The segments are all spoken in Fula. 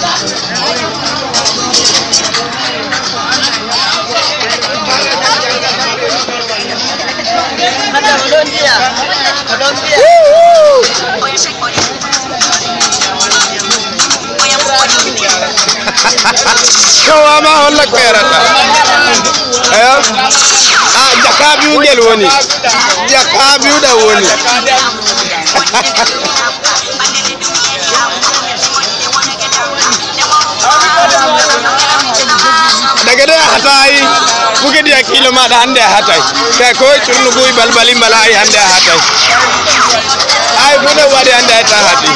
Madam Colombia, Colombia. Kawama kede hatai buke dia kilo ma hande hatai ka ko churnu gui balbali malai hande hatai ai bune wadi hande hatai hadi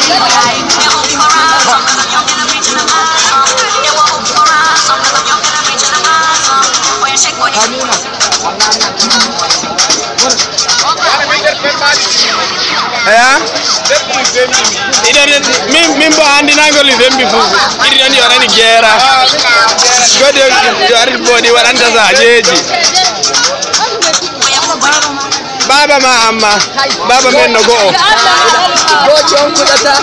Yeah. Min min bo handi nangoli fembi fu. Idi yorani gera gode jawar bodi waɗanda jeji baba ma amma baba men no go'o goci on kuɗata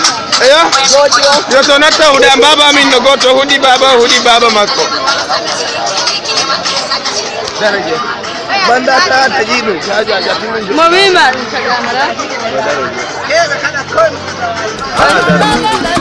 yo to natta huɗe an baba amin no goo to hudi baba o huɗi baba makko banda ta tajiɗum mo wima ɗum tagamara